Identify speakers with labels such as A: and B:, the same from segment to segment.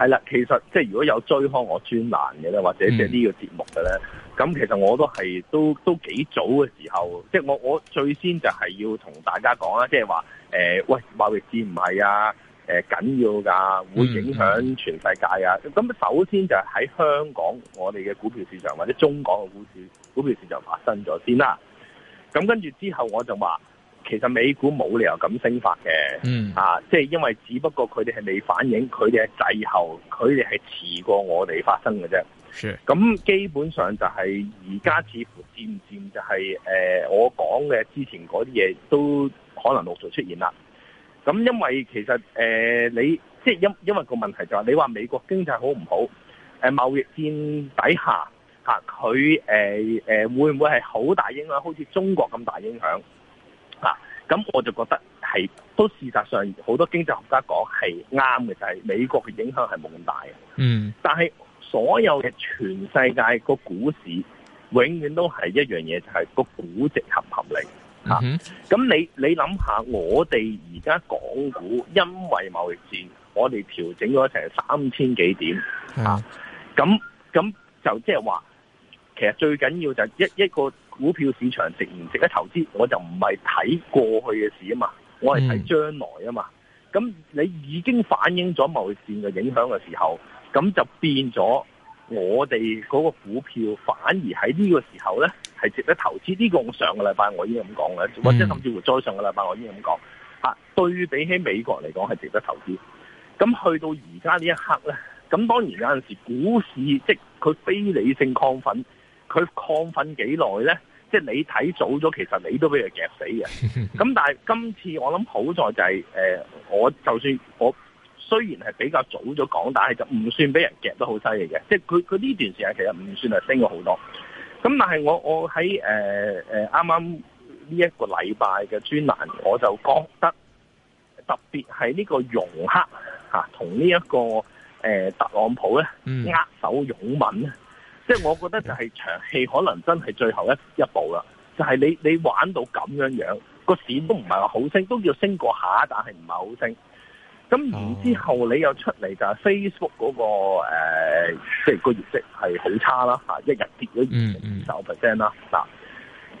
A: 係啦，其實即係如果有追開我專欄嘅咧，或者即係呢個節目嘅咧，咁、嗯、其實我都係都都幾早嘅時候，即係我我最先就係要同大家講啊，即係話誒喂，貿易戰唔係啊，誒、欸、緊要㗎、啊，會影響全世界啊，咁、嗯、首先就喺香港我哋嘅股票市場或者中港嘅股市股票市場發生咗先啦，咁跟住之後我就話。其實美股冇理由咁升法嘅，嗯、啊，即、就、係、是、因為只不過佢哋係未反映，佢哋係滯後，佢哋係遲過我哋發生嘅啫。咁是基本上就係而家似乎漸漸就係、是、誒、呃、我講嘅之前嗰啲嘢都可能陸續出現啦。咁因為其實誒、呃、你即係因因為個問題就係你話美國經濟好唔好？誒、呃、貿易戰底下嚇佢誒誒會唔會係好大影響？好似中國咁大影響？嗱，咁、啊、我就覺得係都事實上好多經濟學家講係啱嘅，就係、是、美國嘅影響係冇咁大嘅。
B: 嗯，
A: 但係所有嘅全世界個股市永遠都係一樣嘢，就係、是、個估值合唔合理啊？咁、嗯哼啊、你你諗下，我哋而家港股因為貿易戰，我哋調整咗成三千幾點啊，咁咁、嗯啊、就即係話，其實最緊要就係一一個。股票市場值唔值得投資，我就唔係睇過去嘅事啊嘛，我係睇將來啊嘛。咁、嗯、你已經反映咗某線嘅影響嘅時候，咁就變咗我哋嗰個股票，反而喺呢個時候咧係值得投資。呢、呢個我上個禮拜我已經咁講啦，或者甚至乎再上個禮拜我已經咁講吓。對比起美國嚟講係值得投資。咁去到而家呢一刻咧，咁當然有陣時股市即佢非理性亢奮，佢亢奮幾耐咧？即係你睇早咗，其實你都俾佢夾死嘅。咁、嗯、但係今次我諗好在就係、是、誒、呃，我就算我雖然係比較早咗講，但係就唔算俾人夾得好犀利嘅。即係佢佢呢段時間其實唔算係升咗好多。咁、嗯、但係我我喺誒誒啱啱呢一個禮拜嘅專欄，我就覺得特別係呢個容克嚇同呢一個誒、呃、特朗普咧握手擁吻咧。即係我覺得就係長期可能真係最後一一步啦。就係、是、你你玩到咁樣樣，個市都唔係話好升，都叫升過下，但係唔係好升。咁然之後你又出嚟就係 Facebook 嗰、那個即係、呃就是、個業績係好差啦嚇、啊，一日跌咗二十二十五 percent 啦嗱。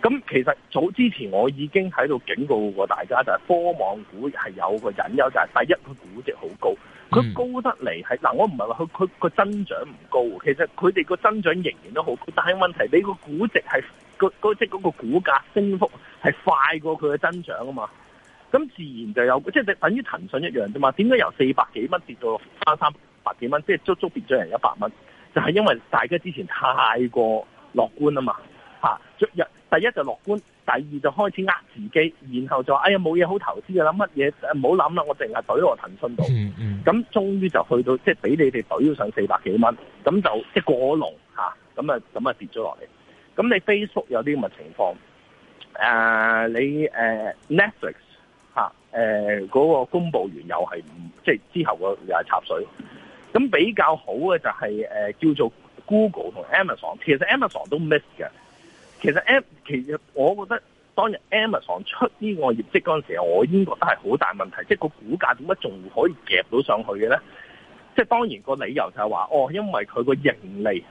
A: 咁、mm hmm. 其實早之前我已經喺度警告過大家，就係、是、科網股係有個隱憂就係、是、第一個估值好高。佢高得嚟係嗱，我唔係話佢佢個增長唔高，其實佢哋個增長仍然都好高，但係問題你個估值係即係嗰個股價升幅係快過佢嘅增長啊嘛，咁自然就有即係等於騰訊一樣啫嘛，點解由四百幾蚊跌到返三百幾蚊，即係足足跌咗人一百蚊，就係因為大家之前太過樂觀啊嘛，吓，第一就樂觀。第二就開始呃自己，然後就話：哎呀，冇嘢好投資嘅啦，乜嘢唔好諗啦，我淨係對落騰訊度。咁、嗯嗯、終於就去到即係俾你哋對咗上四百幾蚊，咁就即係過龍咁啊咁啊跌咗落嚟。咁你 Facebook 有啲咁嘅情況，誒、啊、你誒、啊、Netflix 嗰、啊啊嗰個公佈完又係唔即係之後又係插水。咁比較好嘅就係、是啊、叫做 Google 同 Amazon，其實 Amazon 都 miss 嘅。其實 Am 其實我覺得當日 Amazon 出呢個業績嗰陣時，我已經覺得係好大問題，即係個股價點解仲可以夾到上去嘅呢？即係當然個理由就係話哦，因為佢個盈利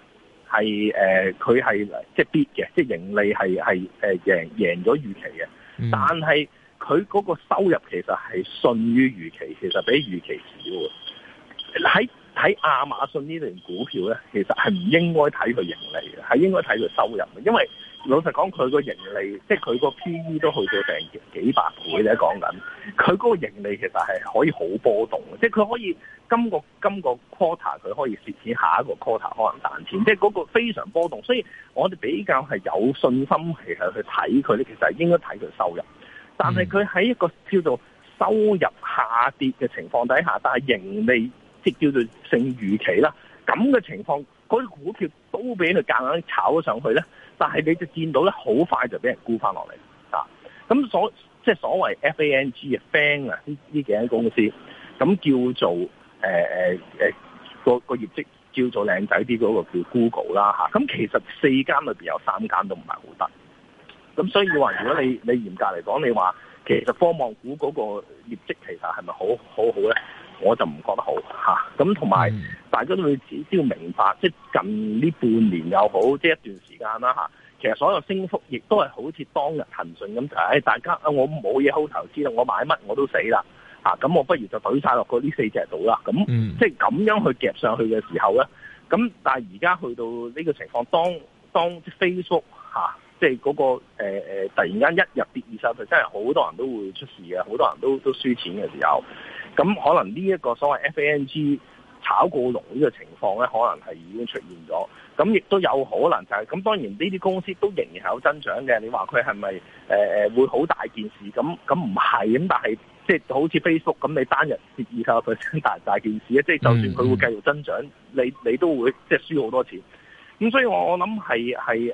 A: 係誒佢係即係 beat 嘅，即係盈利係係誒贏贏咗預期嘅。嗯、但係佢嗰個收入其實係遜於預期，其實比預期少。喺喺亞馬遜呢段股票呢，其實係唔應該睇佢盈利嘅，係應該睇佢收入嘅，因為老實講，佢個盈利，即係佢個 PE 都去到成幾百倍咧。講緊，佢個盈利其實係可以好波動嘅，即係佢可以今個今個 quarter 佢可以蝕錢，下一個 quarter 可能賺錢，即係嗰個非常波動。所以我哋比較係有信心，係去去睇佢咧。其實應該睇佢收入，但係佢喺一個叫做收入下跌嘅情況底下，但係盈利即係叫做勝預期啦。咁嘅情況，嗰啲股票都俾佢夾硬炒咗上去咧。但係你就見到咧，好快就俾人沽翻落嚟，咁所即所謂 FANG fan 啊，呢呢幾間公司，咁叫做誒誒、呃呃、個個業績叫做靚仔啲嗰個叫 Google 啦、吓、咁、啊、其實四間裏面有三間都唔係好得。咁所以話如果你你嚴格嚟講，你話其實科網股嗰個業績其實係咪好好好咧？我就唔覺得好，吓，咁同埋大家都要只要明白，嗯、即係近呢半年又好，即係一段時間啦、啊、其實所有升幅亦都係好似當日騰訊咁，就、哎、係大家啊，我冇嘢好投資啦，我買乜我都死啦，咁、啊、我不如就懟晒落嗰啲四隻度啦。咁、啊嗯、即係咁樣去夾上去嘅時候咧，咁、啊、但係而家去到呢個情況，當當即 Facebook 即係嗰個誒、呃、突然間一入跌二十十，真係好多人都會出事嘅，好多人都都輸錢嘅時候，咁可能呢一個所謂 FANG 炒過龍呢個情況咧，可能係已經出現咗。咁亦都有可能就係、是、咁。那當然呢啲公司都仍然係有增長嘅。你話佢係咪誒誒會好大件事？咁咁唔係咁，但係即係好似 Facebook 咁，你單日跌二十 p e r 大大件事啊？即、就、係、是、就算佢會繼續增長，嗯嗯你你都會即係輸好多錢。咁所以我我諗係係誒，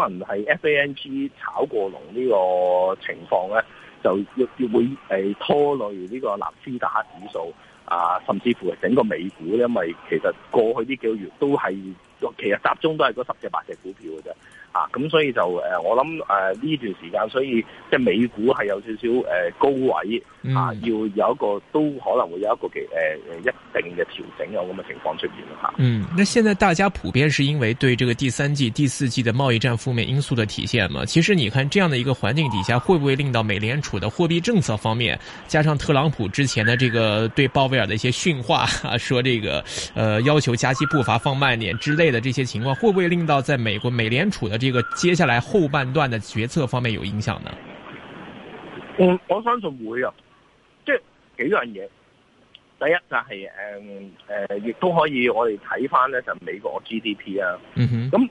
A: 可能係 FANG 炒過龍呢個情況咧，就要要會誒拖累呢個納斯達克指數啊，甚至乎係整個美股，因為其實過去呢幾個月都係，其實集中都係嗰十隻八隻股票嘅啫。啊，咁所以就誒，我諗誒呢段時間，所以即係美股係有少少誒高位，啊，要有一個都可能會有一個誒誒、呃、一定嘅調整，有
C: 咁嘅情況出現嚇。啊、嗯，那現在大家普遍係因為對這個第三季、第四季嘅貿易戰負面因素嘅體現嘛，其實你看，這樣的一個環境底下，會不會令到美聯儲的貨幣政策方面，加上特朗普之前嘅這個對鮑威爾的一些訓話，啊，說這個，呃，要求加息步伐放慢點之類的這些情況，會不會令到在美國美聯儲的？呢個接下來後半段嘅決策方面有影響呢？
A: 我我相信會啊，即係幾樣嘢。第一就係誒誒，亦、嗯呃、都可以我哋睇翻咧，就是、美國 GDP 啊。咁、嗯、哼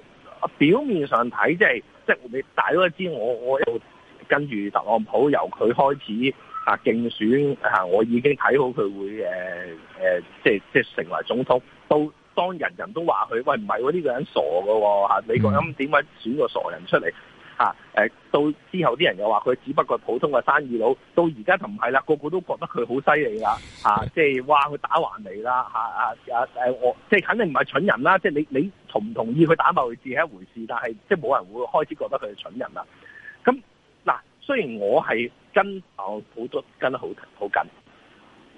A: 表面上睇，即係即係，你大都知我我又跟住特朗普由佢開始啊競選我已經睇好佢會誒誒、呃呃，即係即係成為總統都。當人人都話佢喂，唔係喎，呢個人傻㗎喎。美國咁點解選個傻人出嚟嚇、啊？到之後啲人又話佢只不過普通嘅生意佬，到而家就唔係啦，個個都覺得佢好犀利啦嚇，即係哇佢打橫嚟啦啊啊，啊我即係肯定唔係蠢人啦，即係你你同唔同意佢打埋字係一回事，但係即係冇人會開始覺得佢係蠢人啦。咁嗱、啊，雖然我係跟好、啊、多跟得好好緊，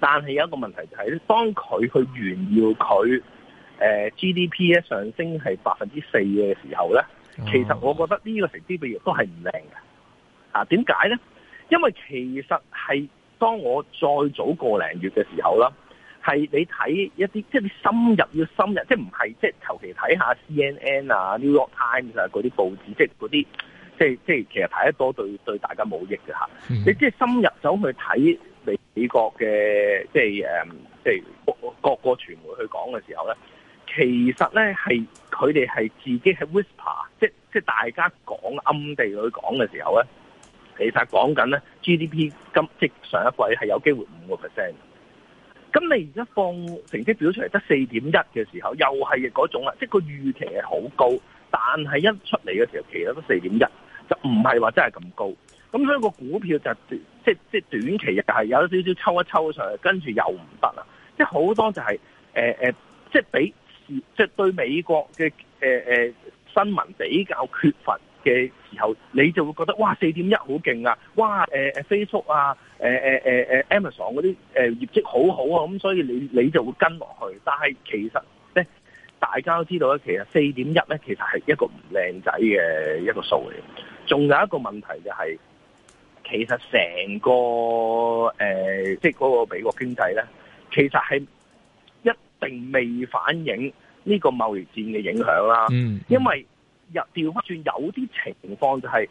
A: 但係有一個問題就係、是，當佢去炫耀佢。誒、呃、GDP 咧上升係百分之四嘅時候咧，oh. 其實我覺得呢個成績表亦都係唔靚嘅。啊，點解咧？因為其實係當我再早個零月嘅時候啦，係你睇一啲即係你深入要深入，即係唔係即係求其睇下 CNN 啊、New York Times 啊嗰啲報紙，即係嗰啲即係即係其實睇得多對對大家冇益嘅嚇。Hmm. 你即係深入走去睇美國嘅即係誒，即係、嗯、各個傳媒去講嘅時候咧。其實咧係佢哋係自己喺 whisper，即即大家講暗地裏講嘅時候咧，其實講緊咧 GDP 今即上一季係有機會五個 percent。咁你而家放成績表出嚟得四點一嘅時候，又係嗰種喇，即個預期係好高，但係一出嚟嘅時候，其實得四點一是，就唔係話真係咁高。咁所以個股票就即即短期又係有少少抽一抽上去，跟住又唔得啦。即好多就係誒誒，即畀。即係對美國嘅誒誒新聞比較缺乏嘅時候，你就會覺得哇四點一好勁啊！哇誒誒、呃、，Facebook 啊，誒誒誒誒，Amazon 嗰啲誒業績好好啊，咁所以你你就會跟落去。但係其實咧、呃，大家都知道咧，其實四點一咧，其實係一個唔靚仔嘅一個數嚟。仲有一個問題就係、是，其實成個誒即係嗰個美國經濟咧，其實係。並未反映呢個貿易戰嘅影響啦，嗯嗯、因為掉返轉有啲情況就係，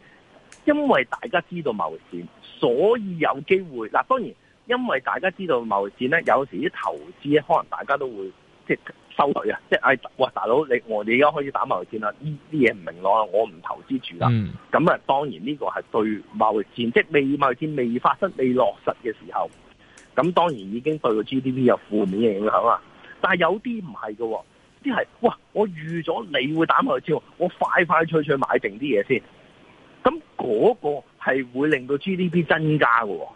A: 因為大家知道貿易戰，所以有機會嗱。當然，因為大家知道貿易戰咧，有時啲投資咧，可能大家都會即係收手啊，即係哎，大佬你我哋而家開始打貿易戰啦，呢啲嘢唔明朗啊，我唔投資住啦。咁啊、嗯，當然呢個係對貿易戰，即係未貿易戰未發生未落實嘅時候，咁當然已經對個 GDP 有負面嘅影響啦但係有啲唔係喎，啲係哇！我預咗你會打埋去招，我快快脆脆買定啲嘢先。咁嗰個係會令到 GDP 增加喎。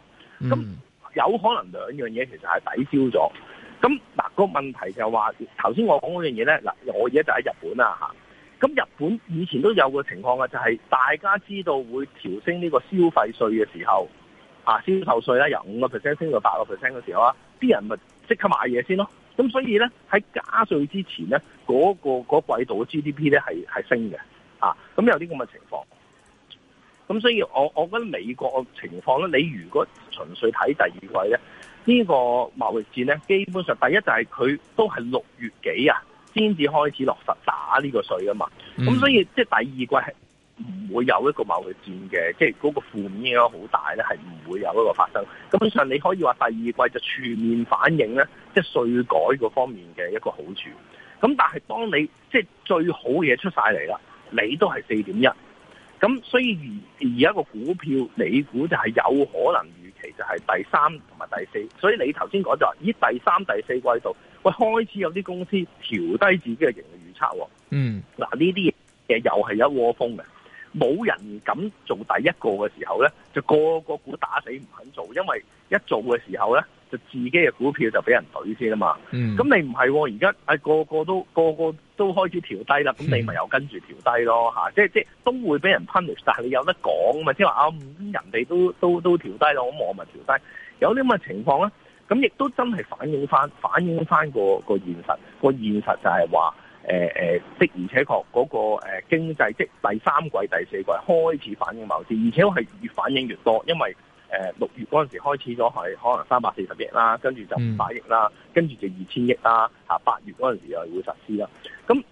A: 咁有可能兩樣嘢其實係抵消咗。咁嗱，個問題就係話頭先我講嗰樣嘢咧，嗱，我而家就喺日本啦嚇。咁日本以前都有個情況啊，就係大家知道會調升呢個消費稅嘅時候啊，銷售稅呢，由五個 percent 升到八個 percent 嘅時候啊，啲人咪即刻買嘢先咯。咁所以咧，喺加稅之前咧，嗰個嗰季度嘅 GDP 咧係係升嘅，啊，咁有啲咁嘅情況。咁所以我我覺得美國嘅情況咧，你如果純粹睇第二季咧，呢個貿易戰咧，基本上第一就係佢都係六月幾啊先至開始落實打呢個稅噶嘛，咁、嗯、所以即係第二季係。唔會有一個貿易戰嘅，即係嗰個負面影響好大咧，係唔會有一個發生。咁本上你可以話第二季就全面反映咧，即係稅改嗰方面嘅一個好處。咁但係當你即係、就是、最好嘅嘢出晒嚟啦，你都係四點一。咁所以而而一個股票，你估就係有可能預期就係第三同埋第四。所以你頭先講就話依第三第四季度，喂開始有啲公司調低自己嘅盈利預測。嗯，嗱呢啲嘢又係一窩蜂嘅。冇人敢做第一個嘅時候咧，就個個股打死唔肯做，因為一做嘅時候咧，就自己嘅股票就俾人懟先啦嘛。咁、嗯、你唔係、哦，而家個個都個個都開始調低啦，咁你咪又跟住調低咯、嗯、即係即係都會俾人 punish，但係你有得講嘛，即係話啊，人哋都都都調低啦，我咪調低。有啲咁嘅情況咧，咁亦都真係反映翻反映翻、那個個現實，個現實就係話。誒誒、呃，的而且確嗰、那個誒、呃、經濟，即第三季、第四季開始反映某事，而且係越反映越多，因為誒、呃、六月嗰陣時開始咗係可能三百四十億啦，跟住就五百億啦，跟住就二千億啦，吓、啊、八月嗰陣時又會實施啦，咁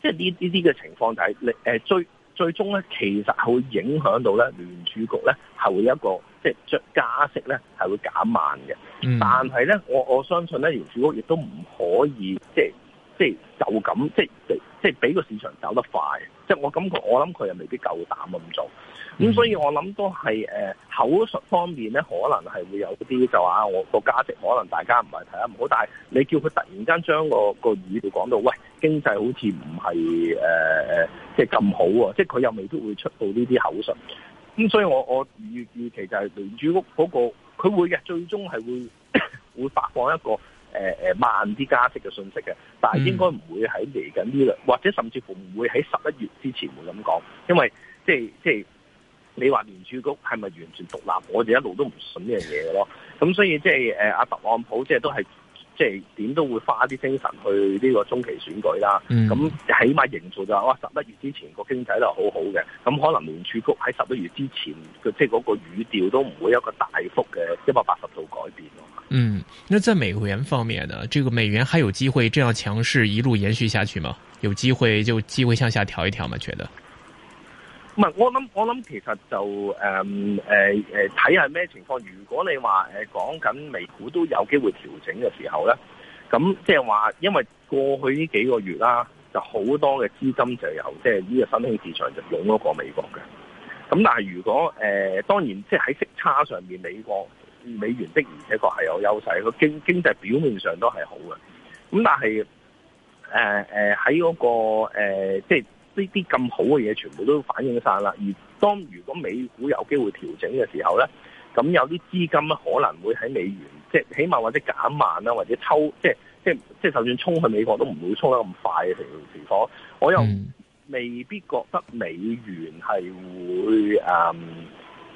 A: 即係呢啲嘅情況底，下誒最最終咧，其實係會影響到咧聯儲局咧係會一個即係加息咧係會減慢嘅，嗯、但係咧我我相信咧聯儲局亦都唔可以即係。即係就咁，即係即係俾個市場走得快，即係我感覺，我諗佢又未必夠膽咁做。咁所以我，我諗都係誒口述方面咧，可能係會有啲就話我個價值可能大家唔係睇得唔好，但係你叫佢突然間將個個語調講到喂經濟好似唔係誒即係咁好即係佢又未必會出到呢啲口述。咁所以我我預預期就係廉住屋嗰個佢會嘅，最終係會會發放一個。誒慢啲加息嘅信息嘅，但係應該唔會喺嚟緊呢兩，或者甚至乎唔會喺十一月之前會咁講，因為即係即係你話聯儲局係咪完全獨立，我哋一路都唔信呢樣嘢嘅咯。咁所以即係誒阿特朗普即係都係。即係點都會花啲精神去呢個中期選舉啦。咁起碼營造就話十一月之前個經濟就好好嘅。咁可能聯儲局喺十一月之前嘅即係嗰個語調都唔會有個大幅嘅一百八十度
C: 改變咯。嗯，那在美元方面呢？這個美元還有機會這樣強勢一路延續下去嗎？有機會就機會向下調一調嗎？覺得？
A: 唔係，我諗我諗其實就誒誒誒睇下咩情況。如果你話誒講緊美股都有機會調整嘅時候咧，咁即係話，因為過去呢幾個月啦、啊，就好多嘅資金就由即係呢個新興市場就湧咗過美國嘅。咁但係如果誒、呃、當然即係喺息差上面，美國美元的而且確係有優勢，個經經濟表面上都係好嘅。咁但係誒誒喺嗰個、呃、即係。呢啲咁好嘅嘢，全部都反映晒啦。而當如果美股有機會調整嘅時候咧，咁有啲資金可能會喺美元，即係起碼或者減慢啦，或者抽，即係即係即係，就算沖去美國都唔會沖得咁快嘅情況。我又未必覺得美元係會，誒，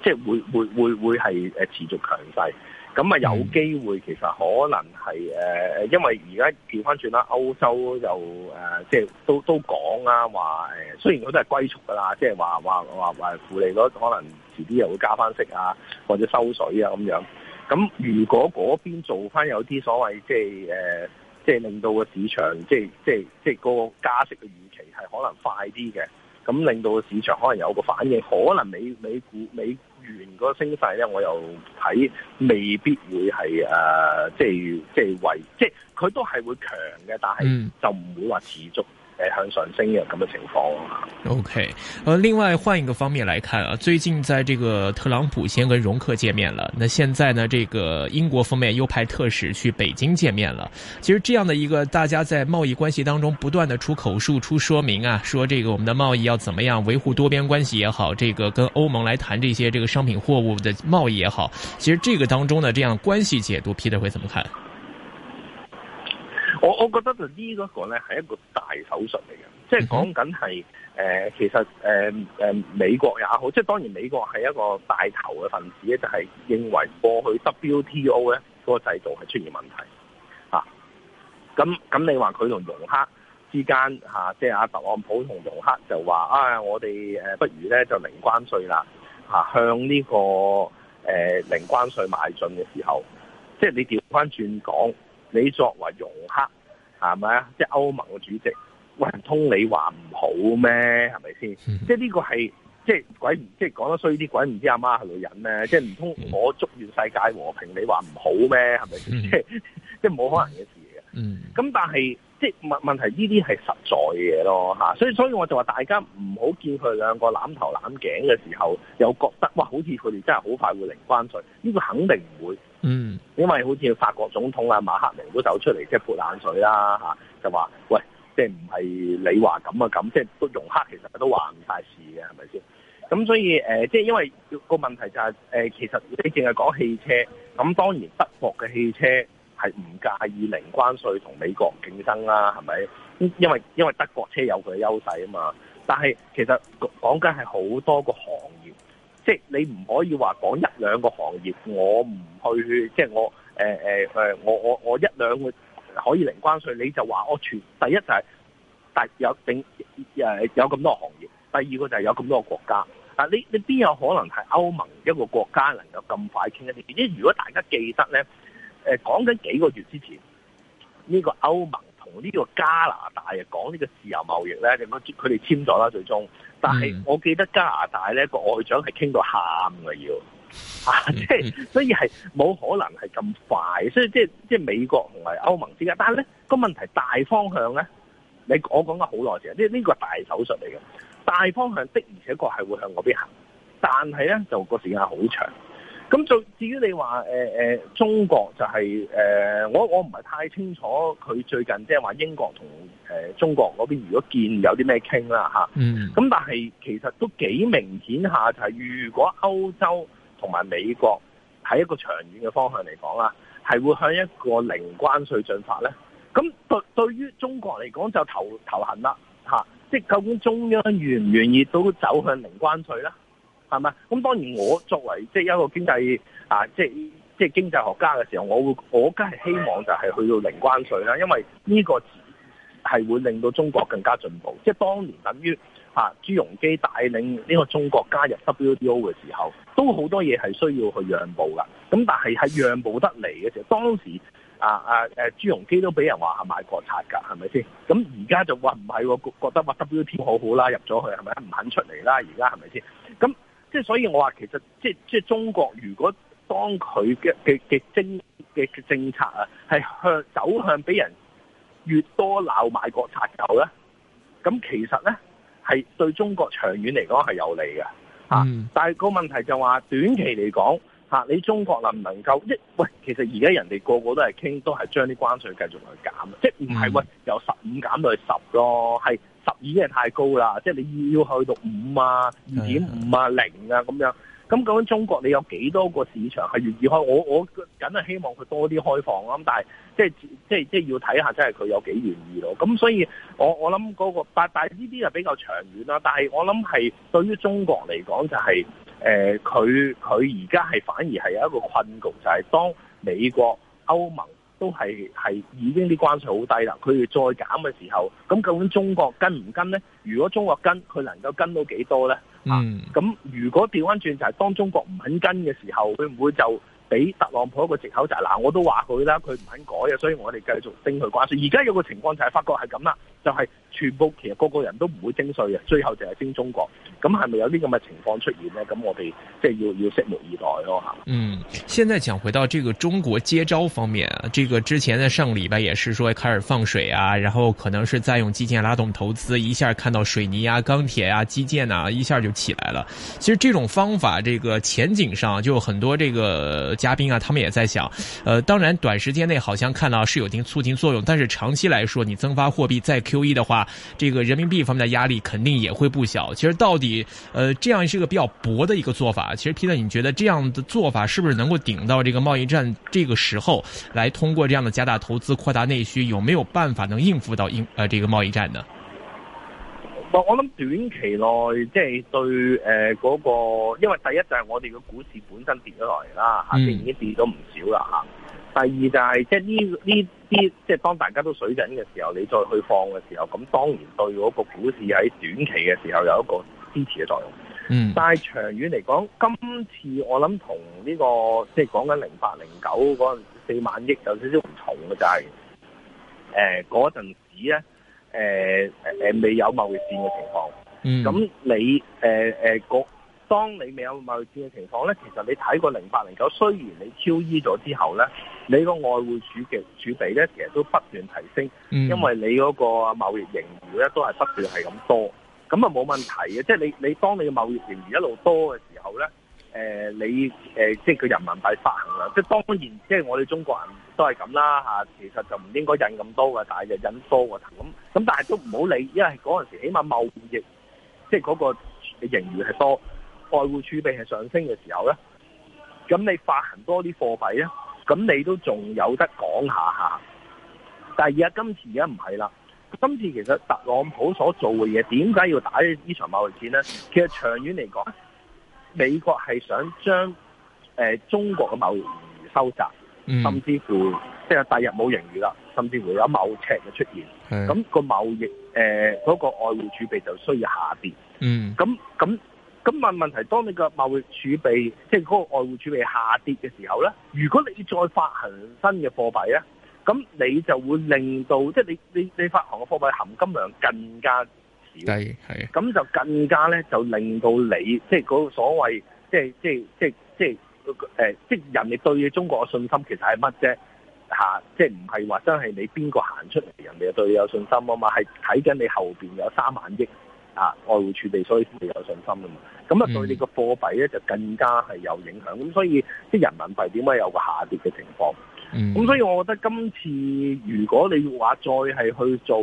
A: 即係會會會會係誒持續強勢。咁啊，有機會其實可能係誒、呃，因為而家調翻轉啦，歐洲又誒、呃，即係都都講啊，話雖然嗰都係歸屬噶啦，即係話話話話負利率可能遲啲又會加翻息啊，或者收水啊咁樣。咁如果嗰邊做翻有啲所謂即係誒，即係、呃、令到個市場即係即係即係嗰個加息嘅預期係可能快啲嘅。咁令到市場可能有個反應，可能美美股美元個升勢咧，我又睇未必會係誒、呃，即係即係為即係佢都係會強嘅，但係就唔會話持續。誒，向上
C: 升一樣咁嘅情況啊。OK，呃，另外換一個方面來看啊，最近在這個特朗普先跟容克見面了，那現在呢，這個英國方面又派特使去北京見面了。其實這樣的一個大家在貿易關係當中不斷的出口述出說明啊，說這個我們的貿易要怎麼樣維護多邊關係也好，這個跟歐盟來談這些這個商品貨物的貿易也好，其實這個當中呢，這樣關係解讀，Peter 會怎麼看？
A: 我我覺得就呢一個咧係一個大手術嚟嘅，即係講緊係誒其實誒誒、呃呃、美國也好，即係當然美國係一個帶頭嘅分子咧，就係、是、認為過去 WTO 咧嗰個制度係出現問題嚇。咁、啊、咁你話佢同容克之間嚇、啊，即係阿特朗普同容克就話啊，我哋誒不如咧就零關稅啦嚇，向呢、這個誒、呃、零關稅邁進嘅時候，即係你調翻轉講。你作為容克，係咪啊？即係歐盟嘅主席，喂，唔通你話唔好咩？係咪先？即係呢個係即係鬼，即係講得衰啲，鬼唔知阿媽係女人咩、啊？即係唔通我祝願世界和平，你話唔好咩？係咪先？ 即係即係冇可能嘅事嚟嘅。咁 但係。即係問問題，呢啲係實在嘅嘢咯嚇，所以所以我就話大家唔好見佢兩個攬頭攬頸嘅時候，又覺得哇好似佢哋真係好快會零關稅，呢、這個肯定唔會。嗯，因為好似法國總統啊馬克明都走出嚟即係潑冷水啦嚇，就話喂，即係唔係你話咁啊咁，即係都容克其實都話唔晒事嘅係咪先？咁所以誒、呃，即係因為個問題就係、是、誒、呃，其實你淨係講汽車，咁當然德國嘅汽車。係唔介意零關稅同美國競爭啦，係咪？因為因為德國車有佢嘅優勢啊嘛。但係其實講緊係好多個行業，即係你唔可以話講一兩個行業，我唔去，即係我誒誒誒，我我我一兩個可以零關稅，你就話我全。第一就係但有整誒有咁多行業，第二個就係有咁多個國家。啊，你你邊有可能係歐盟一個國家能夠咁快傾得掂？因為如果大家記得咧。講緊幾個月之前，呢個歐盟同呢個加拿大啊講呢個自由貿易咧，你講佢哋簽咗啦最終。但係我記得加拿大咧個外長係傾到喊嘅要啊。即係所以係冇可能係咁快，所以即係即係美國同埋歐盟之間。但係咧個問題大方向咧，你我講緊好耐嘅，即係呢個係大手術嚟嘅。大方向的而且確係會向嗰邊行，但係咧就個時間好長。咁最至於你話、呃、中國就係、是呃、我我唔係太清楚佢最近即係話英國同、呃、中國嗰邊如果見有啲咩傾啦嚇，咁但係其實都幾明顯下就係如果歐洲同埋美國喺一個長遠嘅方向嚟講啦，係會向一個零關稅進發咧。咁對於中國嚟講就頭頭痕啦、啊、即係究竟中央願唔願意都走向零關稅咧？係嘛？咁當然我作為即係一個經濟啊，即係即係經濟學家嘅時候，我會我梗係希望就係去到零關稅啦，因為呢個係會令到中國更加進步。即係當年等於啊朱鎔基帶領呢個中國加入 WTO 嘅時候，都好多嘢係需要去讓步㗎。咁但係係讓步得嚟嘅時候，當時啊啊誒朱鎔基都俾人話係賣國賊㗎，係咪先？咁而家就話唔係喎，我覺得話 WTO 好好啦，入咗去係咪唔肯出嚟啦？而家係咪先？咁即係所以，我話，其實即係即係中國如果當佢嘅嘅嘅政嘅嘅政策啊，係向走向俾人越多鬧賣國賊狗咧，咁其實咧係對中國長遠嚟講係有利嘅嚇。啊 mm. 但係個問題就話，短期嚟講吓，你中國能唔能夠，一喂？其實而家人哋個個都係傾都係將啲關稅繼續去減，mm. 即係唔係喂由十五減到去十咯，係。十二係太高啦，即係你要去到五啊、二點五啊、零啊咁樣。咁究竟中國，你有幾多個市場係願意開？我我梗係希望佢多啲開放啊！咁但係即係即係即係要睇下，真係佢有幾願意咯。咁所以我我諗嗰、那個，但但係呢啲就比較長遠啦。但係我諗係對於中國嚟講、就是，就係誒佢佢而家係反而係有一個困局，就係、是、當美國、歐盟，都係係已經啲關稅好低啦，佢哋再減嘅時候，咁究竟中國跟唔跟呢？如果中國跟，佢能夠跟到幾多呢？嗯、啊，咁如果調翻轉就係、是、當中國唔肯跟嘅時候，佢唔會就俾特朗普一個藉口就係、是、嗱，我都話佢啦，佢唔肯改啊，所以我哋繼續升佢關稅。而家有個情況就係發覺係咁啦，就係、是。全部其實個個人都唔會徵稅嘅，最後就係徵中國。咁係咪有啲咁嘅情況出現呢？咁我哋即係要要拭目以待咯嚇。
C: 嗯，現在講回到這個中國接招方面，這個之前在上禮拜也是說開始放水啊，然後可能是在用基建拉動投資，一下看到水泥啊、鋼鐵啊、基建啊，一下就起來了。其實這種方法，這個前景上就很多這個嘉賓啊，他們也在想。呃，當然短時間內好像看到是有一定促進作用，但是長期來說，你增發貨幣再 QE 的話。這個人民幣方面的壓力肯定也會不小。其實，到底呃，這樣是一個比較薄的一個做法。其實，皮特，你覺得這樣的做法是不是能夠頂到這個貿易戰這個時候，來通過這樣的加大投資、擴大內需，有沒有辦法能應付到應呃這個貿易戰呢？
A: 我我諗短期內，即係對誒，嗰個因為第一就係我哋嘅股市本身跌咗落嚟啦，肯定已經跌咗唔少啦，吓。第二就係即係呢呢。就是啲即係當大家都水緊嘅時候，你再去放嘅時候，咁當然對嗰個股市喺短期嘅時候有一個支持嘅作用。嗯，但係長遠嚟講，今次我諗同呢個即係講緊零八零九嗰四萬億有少少唔同嘅就係，誒嗰陣時咧，誒、呃、誒、呃、未有貿易戰嘅情況。咁你誒誒、呃呃當你未有貿易戰嘅情況咧，其實你睇過零八零九，09，雖然你 QE 咗之後咧，你個外匯儲極儲備咧，其實都不斷提升，嗯、因為你嗰個貿易盈餘咧都係不斷係咁多，咁啊，冇問題嘅，即係你你當你嘅貿易盈餘一路多嘅時候咧，誒、呃、你誒、呃、即係佢人民幣發行喇，即係當然即係我哋中國人都係咁啦嚇，其實就唔應該印咁多㗎，但係就印多過頭咁，咁但係都唔好理，因為嗰陣時起碼貿易即係嗰個盈餘係多。外匯儲備係上升嘅時候咧，咁你發行多啲貨幣咧，咁你都仲有得講下下。但係而家今次而家唔係啦，今次其實特朗普所做嘅嘢，點解要打呢場貿易戰咧？其實長遠嚟講，美國係想將誒、呃、中國嘅貿，貿易收窄，甚至乎、嗯、即係第日冇盈餘啦，甚至乎有貿赤嘅出現。咁是的 個貿易誒嗰、呃那個、外匯儲備就需要下跌。嗯，咁咁。咁問問題，當你個貿易儲備，即係嗰個外匯儲備下跌嘅時候咧，如果你再發行新嘅貨幣咧，咁你就會令到即係你你你發行嘅貨幣含金量更加
B: 少，係，係，
A: 咁就更加咧就令到你即係嗰個所謂即係即係即係即係、呃、即係人哋對你中國嘅信心其實係乜啫？嚇，即係唔係話真係你邊個行出嚟，人哋就對你有信心啊嘛？係睇緊你後面有三萬億。啊，外匯儲備所以你有信心噶嘛？咁啊對你個貨幣咧就更加係有影響，咁、嗯、所以啲人民幣點解有個下跌嘅情況？咁、嗯、所以我覺得今次如果你話再係去做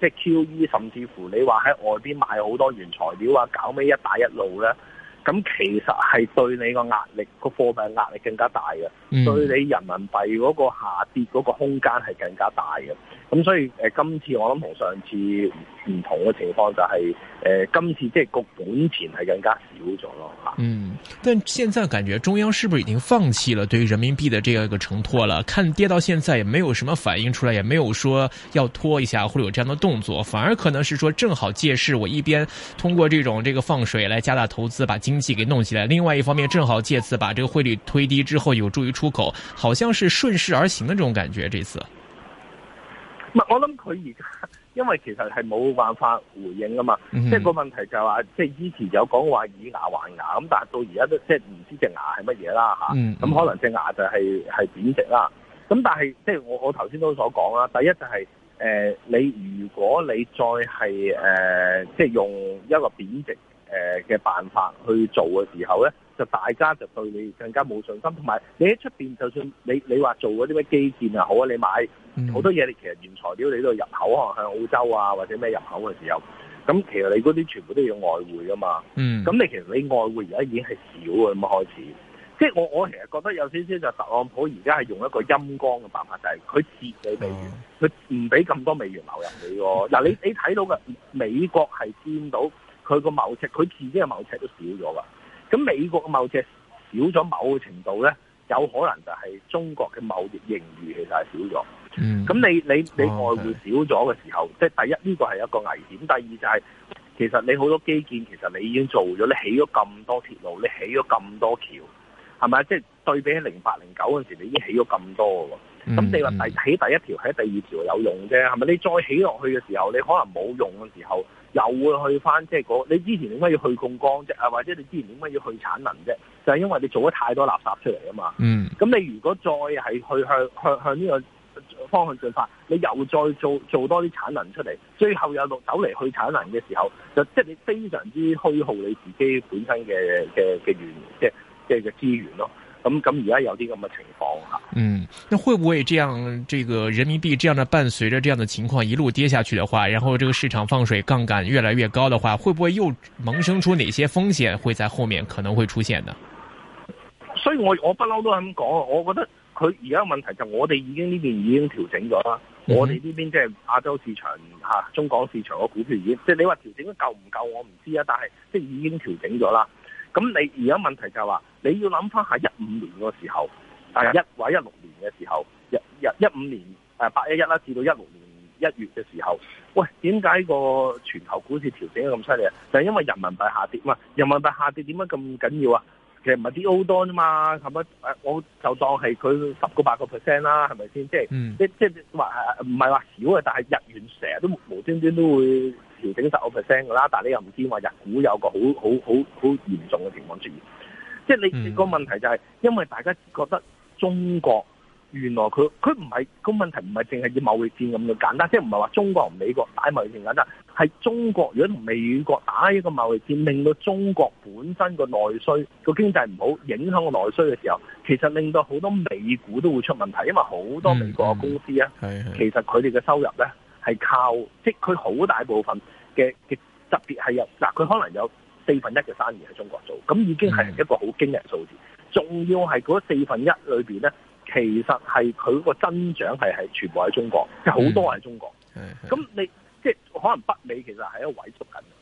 A: 即係 QE，甚至乎你話喺外邊買好多原材料啊，搞咩一帶一路咧。咁其實係對你個壓力個貨幣壓力更加大嘅，嗯、對你人民幣嗰個下跌嗰個空間係更加大嘅。咁所以誒、呃，今次我諗同上次唔同嘅情況就係、是、誒、呃，今次即係個本錢係更加少咗咯嚇。
C: 嗯，但現在感覺中央是不是已經放棄了對於人民幣的這個一個承托了？看跌到現在，也沒有什麼反應出來，也沒有說要拖一下或者有這樣的動作，反而可能是說正好借勢，我一邊通過這種這個放水來加大投資，把經濟給弄起來，另外一方面正好借此把這個匯率推低之後，有助於出口，好像是順勢而行的這種感覺。這次，
A: 我諗佢而家，因為其實係冇辦法回應啊嘛，嗯、哼即係個問題就係話、是，即係之前有講話以牙還牙咁，但係到而家都即係唔知隻牙係乜嘢啦吓，咁、嗯、哼可能隻牙就係、是、係貶值啦。咁但係即係我我頭先都所講啦，第一就係、是、誒、呃，你如果你再係誒、呃，即係用一個貶值。誒嘅辦法去做嘅時候咧，就大家就對你更加冇信心，同埋你喺出邊，就算你你話做嗰啲咩基建又好啊，你買好多嘢，你、嗯、其實原材料你都入口，可能向澳洲啊或者咩入口嘅時候，咁其實你嗰啲全部都要外匯噶嘛。嗯，咁你其實你外匯而家已經係少咗咁開始，即係我我其實覺得有少少就特朗普而家係用一個陰光嘅辦法，就係、是、佢節你，美元，佢唔俾咁多美元流入、啊嗯、你喎。嗱，你你睇到嘅美國係見到。佢個貿赤，佢自己嘅貿赤都少咗㗎。咁美國嘅貿赤少咗某程度咧，有可能就係中國嘅貿易盈餘其實係少咗。咁、嗯、你你你外匯少咗嘅時候，哦、即係第一呢個係一個危險。第二就係、是、其實你好多基建其實你已經做咗，你起咗咁多鐵路，你起咗咁多橋，係咪啊？即係對比起零八零九嗰陣時，你已經起咗咁多喎。咁、嗯、你話第起第一條，喺第二條有用啫，係咪？你再起落去嘅時候，你可能冇用嘅時候。又會去翻，即、就、係、是那個、你之前點解要去槓桿啫？啊，或者你之前點解要去產能啫？就係、是、因為你做咗太多垃圾出嚟啊嘛。嗯。咁你如果再係去向向向呢個方向進發，你又再做做多啲產能出嚟，最後又走嚟去產能嘅時候，就即係、就是、你非常之虛耗你自己本身嘅嘅嘅即即嘅資源咯。咁咁而家有啲咁嘅情況吓，
C: 嗯，那會不會這樣？這個、人民幣這樣的伴隨着這樣的情況一路跌下去的話，然後這個市場放水、槓杆越來越高的話，會不會又萌生出哪些風險？會在後面可能會出現呢？
A: 所以我我不嬲都係咁講，我覺得佢而家問題就係我哋已經呢邊已經調整咗啦，我哋呢邊即係亞洲市場、啊、中港市場嘅股票已經，即係你話調整得夠唔夠我唔知啊，但係即係已經調整咗啦。咁你而家問題就係話，你要諗翻下一五年嘅時候，係一或一六年嘅時候，一一一五年誒八一一啦，至到一六年一月嘅時候，喂點解個全球股市調整得咁犀利啊？就係、是、因為人民幣下跌嘛。人民幣下跌點解咁緊要啊？其實唔係啲 All d 啫嘛，咁樣誒，我就當係佢十個八個 percent 啦，係咪先？嗯、即係，即即話唔係話少啊，但係日元成日都無端端都會調整十個 percent 噶啦，但係你又唔知話，日股有個好好好好嚴重嘅情況出現，即係你、嗯、個問題就係、是，因為大家覺得中國原來佢佢唔係個問題，唔係淨係以貿易戰咁嘅簡單，即係唔係話中國同美國打貿易戰簡單，係中國如果同美國打呢個貿易戰，令到中國本身個內需個經濟唔好，影響個內需嘅時候，其實令到好多美股都會出問題，因為好多美國嘅公司啊，嗯嗯、其實佢哋嘅收入咧。係靠，即係佢好大部分嘅嘅特別係有嗱，佢可能有四分一嘅生意喺中國做，咁已經係一個好驚人的數字。仲要係嗰四分一裏邊咧，其實係佢嗰個增長係係全部喺中國，即好、嗯、多係中國。咁係係你即係可能北美其實係一個萎縮緊嘅，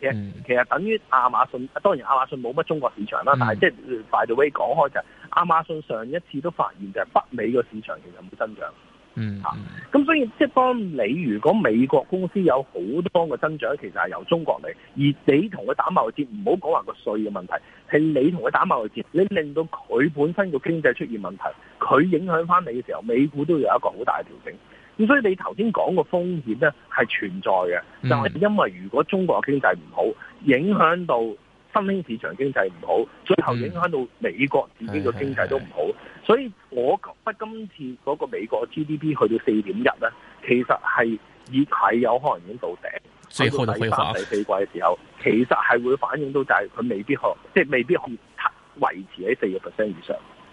A: 其實，嗯、其實等於亞馬遜。當然亞馬遜冇乜中國市場啦，嗯、但係即係 By the way 講開就係、是、亞馬遜上一次都發現就係北美個市場其實冇增長。嗯吓，咁、嗯、所以即係當你如果美國公司有好多嘅增長，其實係由中國嚟，而你同佢打貿易戰，唔好講話個稅嘅問題，係你同佢打貿易戰，你令到佢本身個經濟出現問題，佢影響翻你嘅時候，美股都有一個好大嘅調整。咁所以你頭先講個風險咧係存在嘅，就係、是、因為如果中國嘅經濟唔好，影響到新興市場的經濟唔好，最後影響到美國自己嘅經濟都唔好。嗯嗯所以我覺得今次嗰個美國 GDP 去到四點一咧，其實係以係有可能已經到頂。第三、第四季嘅時候，其實係會反映到就係佢未必可，即係未必可以維持喺四個 percent 以上。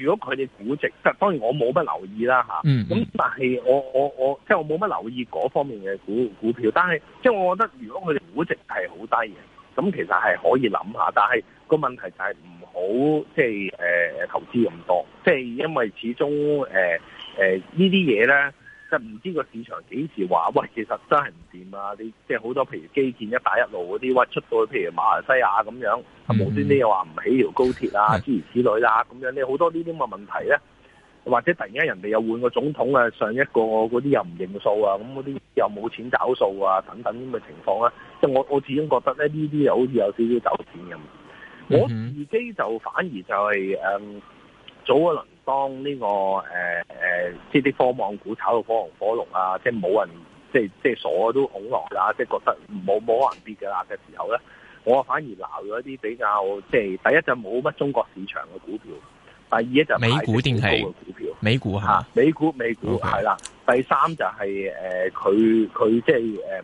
A: 如果佢哋估值，即係當然我冇乜留意啦嚇，咁但係我我我即係我冇乜留意嗰方面嘅股股票，但係即係我覺得如果佢哋估值係好低嘅，咁其實係可以諗下，但係個問題就係唔好即係誒投資咁多，即係因為始終誒誒呢啲嘢咧。即係唔知個市場幾時話，喂，其實真係唔掂啊！你即係好多譬如基建一帶一路嗰啲，喂，出到去譬如馬來西亞咁樣，mm hmm. 無端端又話唔起條高鐵啊，的諸如此類啦，咁樣你好多呢啲咁嘅問題咧，或者突然間人哋又換個總統啊，上一個嗰啲又唔認數啊，咁嗰啲又冇錢找數啊，等等咁嘅情況啊，即係我我始終覺得咧呢啲又好似有少少走錢咁。Mm hmm. 我自己就反而就係、是、誒、嗯、早一輪。當呢、這個誒誒，即、呃、啲科網股炒到火紅火龍啊，即係冇人，即係即係鎖都恐落啦，即係覺得冇冇可能跌噶啦嘅時候咧，我反而鬧咗一啲比較，即係第一就冇乜中國市場嘅股票，第二咧就美股電器嘅股票，美股吓、啊，美股美股係啦股，第三就係、是、誒，佢、呃、佢即係誒，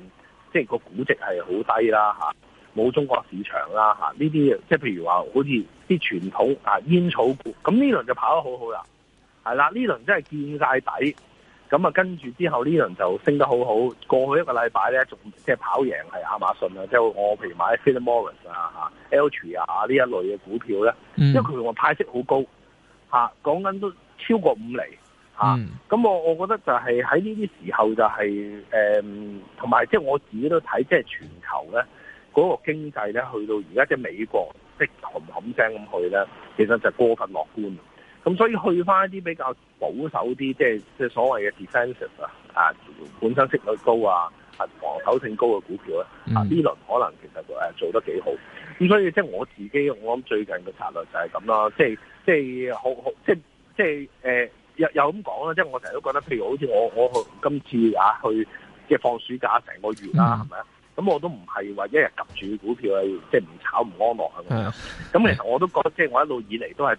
A: 即係個、嗯、估值係好低啦吓。啊冇中國市場啦呢啲即係譬如話，好似啲傳統啊煙草股，咁呢輪就跑得好好啦，係啦，呢輪真係見曬底，咁啊跟住之後呢輪就升得好好，過去一個禮拜咧，仲即係跑贏係亞馬遜啊，即、就、係、是、我譬如買 Philip Morris 啊、Altria 啊呢一類嘅股票咧，mm. 因為佢哋話派息好高講緊、啊、都超過五厘。
B: 咁、
A: 啊 mm. 啊、我我覺得就係喺呢啲時候就係同埋即係我自己都睇，即、就、係、是、全球咧。嗰個經濟咧，去到而家只美國即冚冚聲咁去咧，其實就過分樂觀。咁所以去翻一啲比較保守啲，即係即係所謂嘅 defensive 啊，啊本身息率高啊、防守性高嘅股票咧，啊呢輪可能其實、啊、做得幾好。咁所以即係我自己，我諗最近嘅策略就係咁啦，即係即係好好，即係即係誒，又又咁講啦，即係、呃、我成日都覺得，譬如好似我我今次啊去即係放暑假成個月啦，係咪啊？咁我都唔係話一日 𥄫 住股票啊，即係唔炒唔安樂啊咁樣。咁其實我都覺得，即係我一路以嚟都係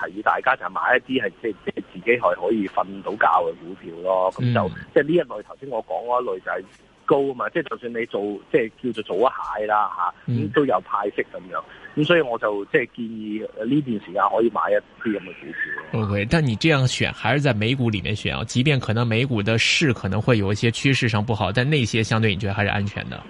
A: 誒提議大家就係買一啲係即係即係自己係可以瞓到覺嘅股票咯。咁就即係呢一類，頭先我講嗰一類就係。高嘛，即係就算你做，即係叫做做一蟹啦吓，咁、嗯、都有派息咁樣，咁所以我就即係建議呢段時間可以買一啲咁嘅股票。
C: O、okay, K，但你這樣選還是在美股裏面選啊？即便可能美股的市可能會有一些趨勢上不好，但那些相對你覺得還是安全的。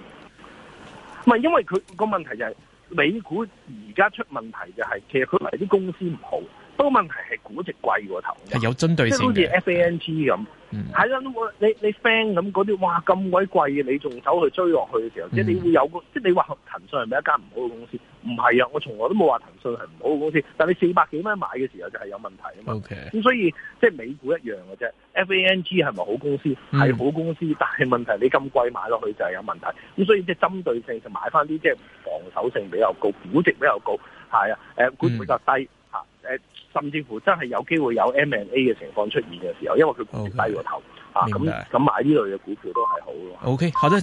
A: 唔係，因為佢個問題就係、是、美股而家出問題就係、是，其實佢唔係啲公司唔好。個問題係估值貴過頭。係有針對性，好似 F A N G 咁，係啦、嗯，你你 friend 咁嗰啲，哇咁鬼貴嘅，你仲走去追落去嘅時候，即係、嗯、你會有個，即係你話騰訊係咪一間唔好嘅公司？唔係啊，我從來都冇話騰訊係唔好嘅公司。但你四百幾蚊買嘅時候就係有問題啊嘛。咁 Okay. 所以即係美股一樣嘅啫，F A N G 係咪好公司？係、嗯、好公司，但係問題你咁貴買落去就係有問題。咁所以即係針對性就買翻啲即係防守性比較高、估值比較高、係啊，誒比較低、嗯啊甚至乎真係有機會有 M and A 嘅情況出現嘅時候，因為佢估值低過頭 okay，啊，咁咁明白買呢類嘅股票都係好咯。O,
C: okay, K，好啦。